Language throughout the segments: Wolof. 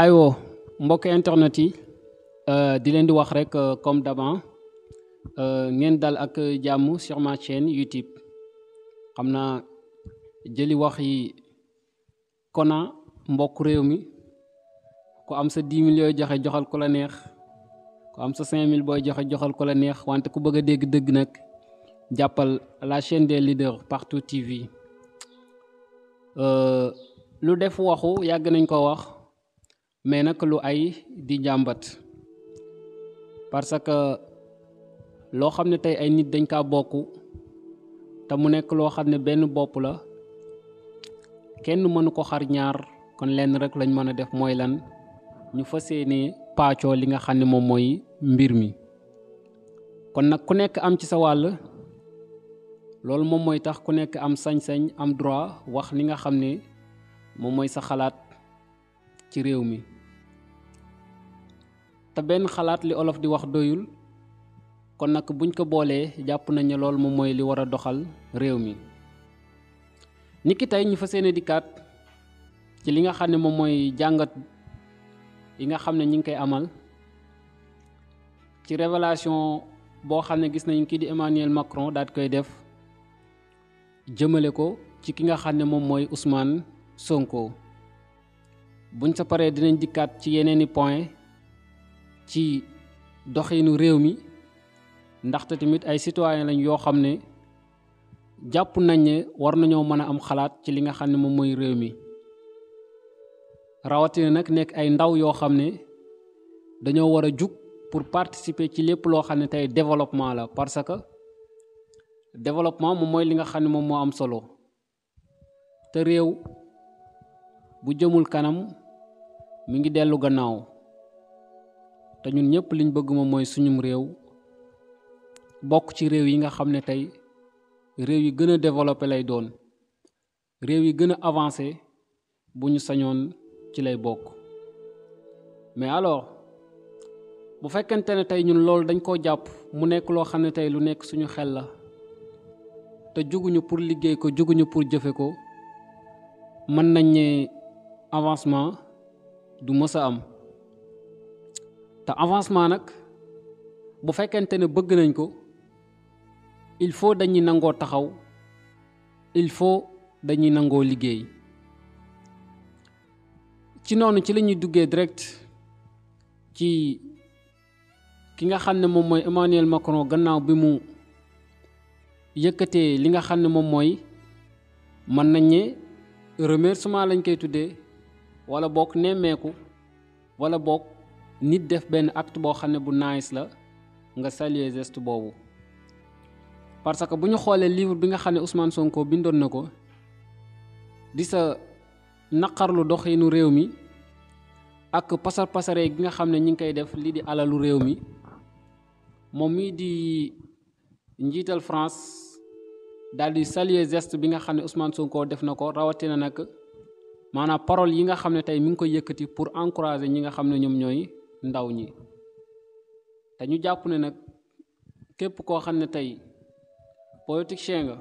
aywa mbokk internet yi euh, di leen di wax rek euh, comme d'avant euh, ngeen dal ak jàmm sur ma chaîne YouTube xam naa jëli wax yi kona mbokk réew mi ku am sa 10 millions joxe joxal ku la neex ku am sa 5000 booy joxe joxal ku la neex wante ku bëgg a dégg dëgg nag jàppal la chaîne des leaders partout TV lu def waxu yàgg nañ ko wax. mais nag lu ay di jàmbat parce que loo xam ne tey ay nit dañ kaa bokk te mu nekk loo xam ne benn bopp la kenn mënu ko xar ñaar kon lenn rek lañ mën a def mooy lan ñu fas yéene paacoo li nga xam ne moom mooy mbir mi kon nag ku nekk am ci sa wàll loolu moom mooy tax ku nekk am sañ-sañ am droit wax li nga xam ne moom mooy sa xalaat ci réew mi te benn xalaat li olof di wax doyul kon nag buñ ko boolee jàpp nañ ne loolu moom mooy li war a doxal réew mi. niki tey ñu fa yéene dikkaat ci li nga xam ne moom mooy jàngat yi nga xam ne ñu ngi koy amal ci révélation boo xam ne gis nañ kii di Emmanuel Macron daal di koy def jëmale ko ci ki nga xam ne moom mooy Ousmane Sonko buñ sa paree dinañ dikkaat ci yeneeni point ci doxinu réew mi ndaxte tamit ay citoyen lañ yoo xam ne jàpp nañ ne war nañoo mën a am xalaat ci li nga xam ne moom mooy réew mi rawatina nag nekk ay ndaw yoo xam ne dañoo war a jug pour participer ci lépp loo xam ne tey développement la parce que développement moom mooy li nga xam ne moom moo am solo te réew bu jëmul kanam mu ngi dellu gannaaw te ñun ñëpp liñ bëgg moom mooy suñum réew bokk ci réew yi nga xam ne tey réew yi gën a développé lay doon réew yi gën a avancé bu ñu sañoon ci lay bokk mais alors bu fekkente ne tey ñun loolu dañ koo jàpp mu nekk loo xam ne tey lu nekk suñu xel la te juguñu pour liggéey ko juguñu pour jëfe ko mën nañ ne avancement du mës am avancement nag bu fekkente ne bëgg nañ ko il faut dañuy nangoo taxaw il faut dañuy nangoo liggéey ci noonu ci la ñuy duggee direct ci ki nga xam ne moom mooy Emmanuel Macron gannaaw bi mu yëkkatee li nga xam ne moom mooy mën nañ ne remerciement lañ koy tuddee wala bokk nemmeeku wala bokk nit def benn acte boo xam ne bu nice la nga saluer geste boobu parce que bu ñu xoolee livre bi nga xam ne Ousmane Sonko bindoon na ko di sa naqarlu doxinu réew mi ak pasar pasare gi nga xam ne ñi ngi koy def lii di alalu réew mi moom mii di njiital France daal di saluer geste bi nga xam ne Ousmane Sonko def na ko rawatina nag maanaam parole yi nga xam ne tey mi ngi koy yëkkati pour encourager ñi nga xam ne ñoom ñooy. ndaw ñi te jàpp ne nag képp koo xam ne tey politicien nga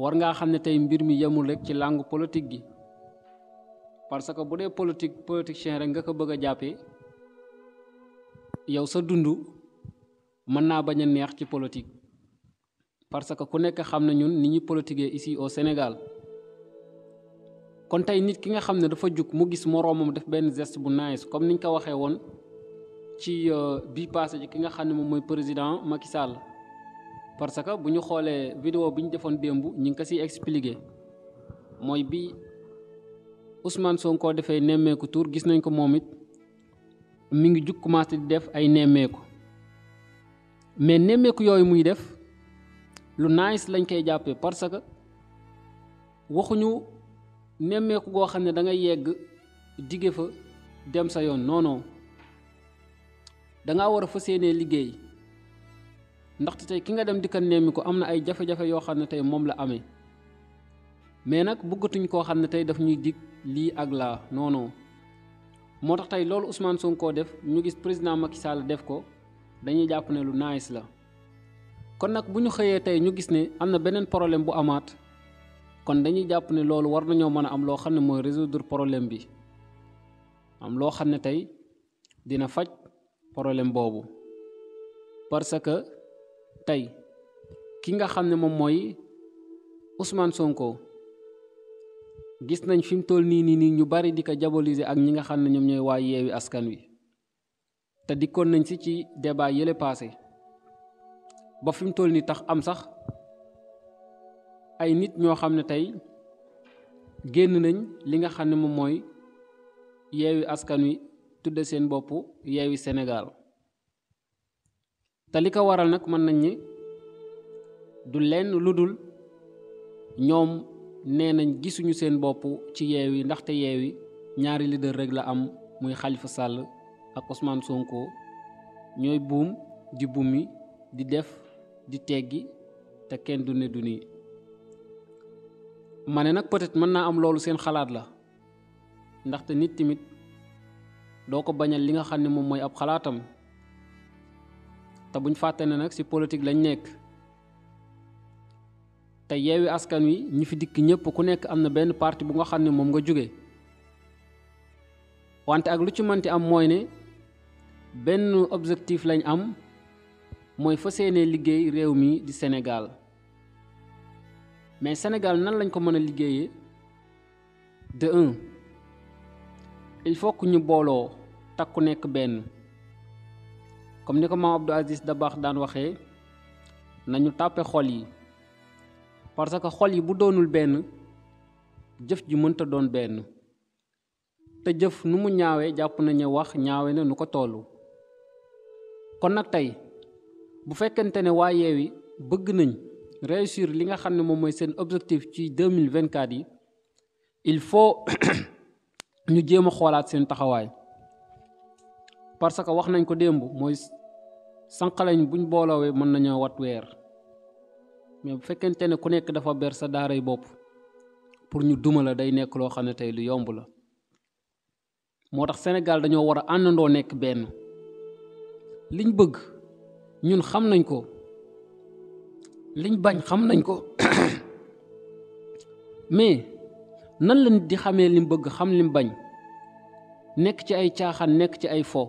war ngaa xam ne tey mbir mi yemul rekk ci langue politique gi parce que bu dee politique politicien rek nga ko bëgg a jàppee yow sa dund mën naa bañ a neex ci politique parce que ku nekk xam na ñun ni ñuy politiquer ici au Sénégal kon tey nit ki nga xam ne dafa jug mu gis moroomam def benn gest bu nice comme niñ ko waxee woon ci euh, bii passé ci ki nga xam ne moom mooy président Macky Sall parce que bu ñu xoolee vidéo bi ñu defoon démb ñi ngi ko si expliqué mooy bi Ousmane Sonko defee nemmeeku tour gis nañ ko moom it mi ngi jug commencé di def ay nemmeeku mais nemmeeku yooyu muy def lu nice lañ koy jàppee parce que waxuñu. nemmeeku goo xam ne dangay yegg digge fa dem sa yoon non non danga war a fas yéenee liggéey ndaxte tey ki nga dem di ko nemmi ko am na ay jafe-jafe yoo xam ne tey moom la amee mais nag bëggatuñ koo xam ne tey daf ñuy digg lii ak laa non moo tax tey loolu Ousmane koo def ñu gis président Macky Sall def ko dañuy jàpp ne lu nice la kon nag bu ñu xëyee tey ñu gis ne am na beneen problème bu amaat. kon dañuy jàpp ne loolu war nañoo mën am loo xam ne mooy résoudre problème bi am loo xam ne tey dina faj problème boobu parce que tey ki nga xam ne moom mooy Ousmane Sonko gis nañ fi mu toll nii nii nii ñu bari di ko diaboliser ak ñi nga xam ne ñoom ñooy waay yeewi askan wi te dikkoon nañ si ci débat yële passé ba fi toll nii tax am sax ay nit ñoo xam ne tey génn nañ li nga xam ne moom mooy yeewi askan wi tudd seen bopp yeewi senegaal te li ko waral nag mën nañ ni du lenn lu dul ñoom nee nañ gisuñu seen bopp ci yeewi ndaxte yeewi ñaari leader rek la am muy xalifa sàll ak Ousmane Sonko ñooy buum di bumi di def di teggi te kenn du ne du nii ma ne nag peut-être mën naa am loolu seen xalaat la ndaxte nit tamit doo ko bañal li nga xam ne moom mooy ab xalaatam te buñ fàtte nag ci politique lañ nekk te yeewi askan wi ñu fi dikk ñépp ku nekk am na benn parti bu nga xam ne moom nga jóge wante ak lu ci mënti am mooy ne benn objectif lañ am mooy fa yéene liggéey réew mi di Sénégal mais Sénégal nan lañ ko mën a liggéeyee de un il faut que ñu booloo takku nekk benn comme ni ko maam Abdou Aziz baax daan waxee nañu tàppe xol yi parce que xol yi bu doonul benn jëf ji mënta doon benn te jëf nu mu ñaawee jàpp nañu wax ñaawe na nu ko tollu kon nag tey bu fekkente ne waa Yewwi bëgg nañ réussir li nga xam ne moom mooy seen objectif ci deux mille vingt quatre yi il faut ñu jéem a xoolaat seen taxawaay parce que wax nañ ko démb mooy sànqalañ buñ booloowee mën nañoo wat weer mais bu fekkente ne ku nekk dafa ber sa daaray bopp pour ñu duma la day nekk loo xam ne tey lu yomb la moo tax Sénégal dañoo war a àndandoo nekk benn liñ bëgg ñun xam nañ ko. liñ bañ xam nañ ko mais nan la nit di xamee lim bëgg xam lim bañ nekk ci ay caaxaan nekk ci ay fo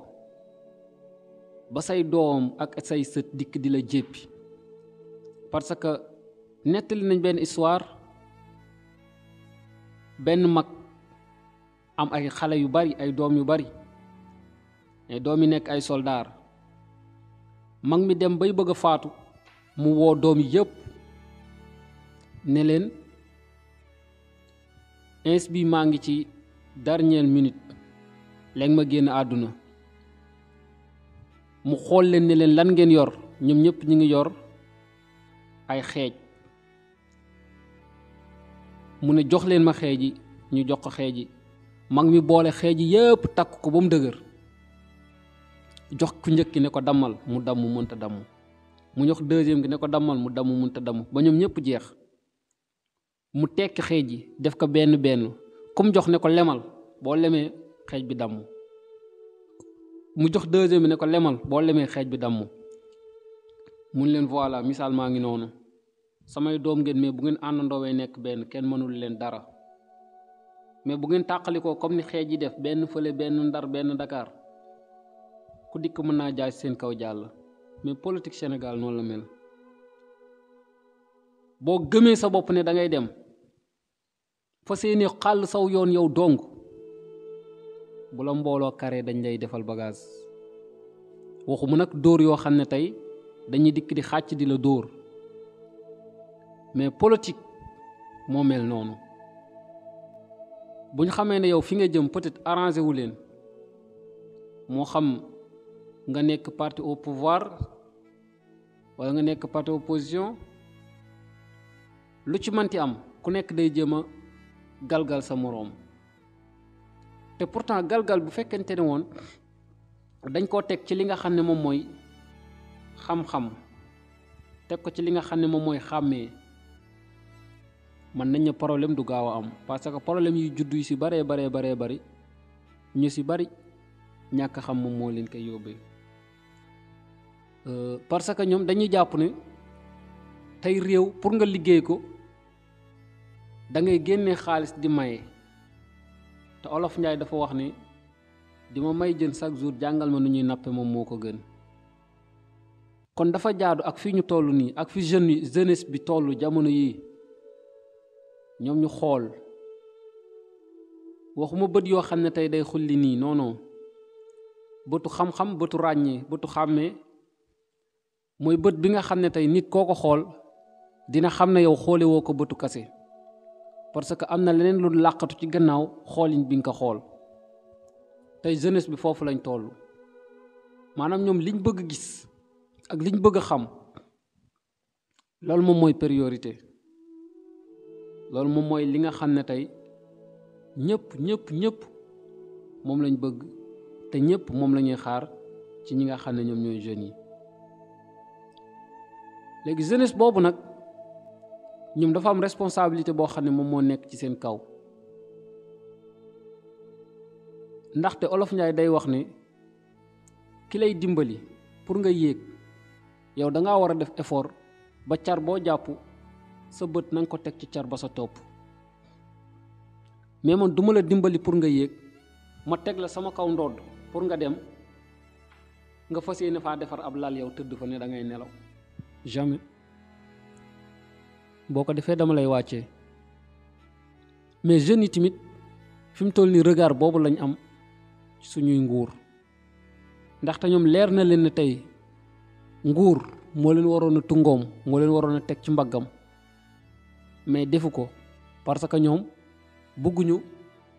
ba say doom ak say sët dikk di la jéppi parce que nettali nañ benn histoire benn mag am ay xale yu bari ay doom yu bari mais doom yi nekk ay soldaar mag mi dem bay bëgg a faatu mu woo doom yëpp ne leen ins bi maa ngi ci dernière minute léegi ma génn àdduna mu xool leen ne leen lan ngeen yor ñoom ñëpp ñu ngi yor ay xeej mu ne jox leen ma xeej yi ñu jox ko xeej yi mag mi boole xeej yi yëpp takk ko ba mu dëgër jox ku njëkki ne ko dammal mu damm mënta damm mu jox deuxième gi ne ko dammal mu damm mun te damm ba ñoom ñëpp jeex mu tekk xeej yi def ko benn benn kum jox ne ko lemal boo lemee xeej bi damm mu jox deuxième bi ne ko lemal boo lemee xeej bi damm mun leen voilà misaal maa ngi noonu samay doom ngeen mais bu ngeen àndandoowee nekk benn kenn mënul leen dara mais bu ngeen tàqalikoo comme ni xeej yi def benn fële benn ndar benn Dakar ku dikk mën naa jaay seen kaw jàll mais politique Sénégal noonu la mel boo gëmee sa bopp ne da ngay dem fa seeni xàll saw yoon yow dong bu la mbooloo kare dañ lay defal waxu waxuma nag dóor yoo xam ne tey dañuy dikk di xàcc di la dóor mais politique moo mel noonu bu ñu xamee ne yow fi nga jëm peut-être arrangé wu leen moo xam nga nekk parti au pouvoir wala nga nekk parti opposition lu ci manti am ku nekk day jéem a galgal sa moroom te pourtant galgal bu fekkente ne woon dañ koo teg ci li nga xam ne moom mooy xam-xam teg ko ci li nga xam ne moom mooy xàmmee mën nañ ne problème du gaaw a am parce que problème yu juddu yu ci baree baree baree bari ñu si bari ñàkk xam moom moo leen koy yóbbee Euh, parce que ñoom dañuy jàpp ne tey réew pour nga liggéey ko da ngay génne xaalis di maye te olof Njaay dafa wax ni di ma may jën chaque jour jàngal ma nu ñuy nappe moom moo ko gën kon dafa jaadu ak fi ñu toll nii ak fi jeune jeunesse bi toll jamono yii ñoom ñu xool waxuma bët yoo xam ne tey day xulli nii non bëtu xam-xam bëtu ràññee bëtu xàmmee mooy bët bi nga xam ne tey nit koo ko xool dina xam ne yow xoole woo ko bëtu kase parce que am na leneen lu làqatu ci gannaaw xoolin bi nga ko xool tey jeunesse bi foofu lañ toll maanaam ñoom liñ bëgg gis ak liñ bëgg a xam loolu moom mooy priorité loolu moom mooy li nga xam ne tey ñëpp ñëpp ñëpp moom lañ bëgg te ñëpp moom la ñuy xaar ci ñi nga xam ne ñoom ñooy jeunes yi léegi jeunesse boobu nag ñoom dafa am responsabilité boo xam ne moom moo nekk ci seen kaw ndaxte olof Njaay day wax ne ki lay dimbali pour nga yéeg yow da ngaa war a def effort ba car boo jàpp sa bët na ko teg ci car ba sa topp mais man duma la dimbali pour nga yéeg ma teg la sama kaw ndood pour nga dem nga fas yéene faa defar ab lal yow tëdd fa ne da ngay nelaw. jamais boo ko defee dama lay wàcce mais jeunes yi tamit fi mu toll nii regard boobu lañu am suñuy nguur ndaxte ñoom leer na leen ne tey nguur moo leen waroon a tungoom moo leen waroon a teg ci mbaggam mais defu ko parce que ñoom bëgguñu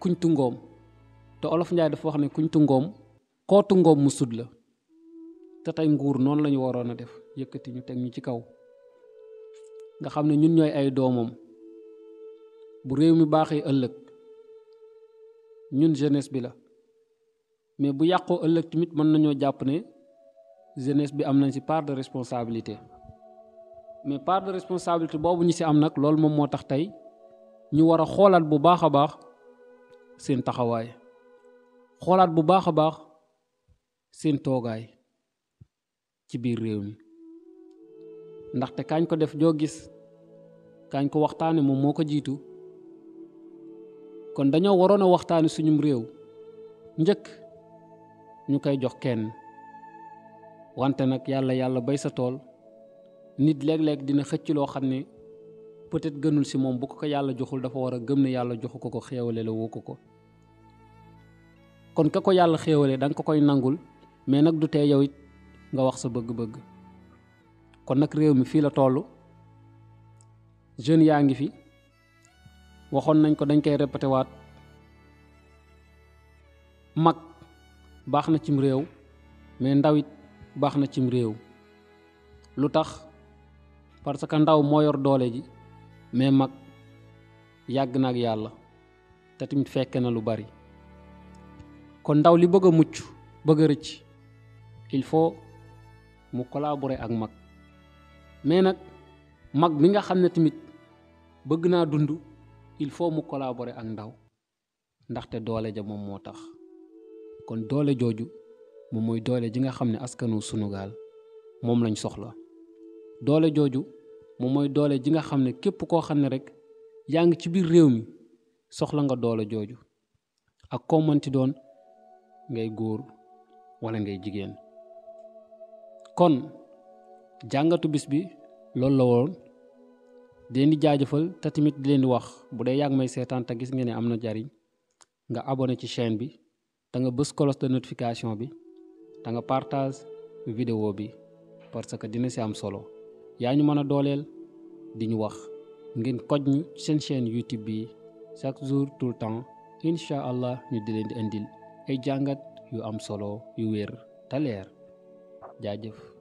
kuñ tungoom te olof Njaay dafa wax ne kuñ tungoom koo tungoom mu sud la te tey nguur noonu la ñu waroon a def yëkkati ñu teg ñu ci kaw nga xam ne ñun ñooy ay doomam bu réew mi baaxee ëllëg ñun jeunesse bi la mais bu yàqoo ëllëg tamit mën nañoo jàpp ne jeunesse bi am nañ ci part de responsabilité mais part de responsabilité boobu ñu ci am nag loolu moom moo tax tey ñu war a xoolaat bu baax a baax seen taxawaay xoolaat bu baax a baax seen toogaay ci biir réew mi ndaxte kaañ ko def joo gis kaañ ko waxtaane moom moo ko jiitu kon dañoo waroon a waxtaane suñum réew njëkk ñu koy jox kenn wante nag yàlla yàlla bay sa tool nit léeg-léeg dina xëcc loo xam ne peut-être gënul si moom bu ko ko yàlla joxul dafa war a gëm ne yàlla joxu ko ko xéewale la woo ko ko kon ka ko yàlla xéewale danga ko koy nangul mais nag du tee yow it nga wax sa bëgg-bëgg kon nag réew mi fii la toll jeunes yaa ngi fi waxoon nañ ko dañ koy répété waat mag baax na cim réew mais ndaw it baax na cim réew lu tax parce que ndaw moo yor doole ji mais mag yàgg na ak yàlla te tamit fekke na lu bari kon ndaw li bëgg a mucc bëgg a rëcc il faut mu collaborer ak mag mais nag mag mi nga xam ne tamit bëgg naa dund il faut mu collaborer ak ndaw ndaxte doole ja moom moo tax kon doole jooju moom mooy doole ji nga xam ne askanu Sunugaal moom lañ soxla doole jooju moom mooy doole ji nga xam ne képp koo xam ne rek yaa ngi ci biir réew mi soxla nga doole jooju ak koo mënti doon ngay góor wala ngay jigéen kon jàngatu bis bi loolu la woon di leen di jaajëfal te tamit di leen di wax bu dee yàgg may seetaan te gis nga ne am na jariñ nga abonné ci chaîne bi te nga bës cloche de notification bi te nga partage vidéo bi parce que dina si am solo yaa ñu mën a dooleel di ñu wax ngeen koj ñu seen chaîne YouTube bi chaque jour tout le temps incha allah ñu di leen di indil ay jàngat yu am solo yu wér te leer jaajëf